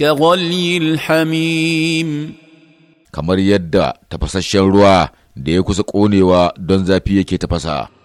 كغلي الحميم kamar yadda tafasasshen ruwa da ya kusa ƙonewa don zafi yake tafasa.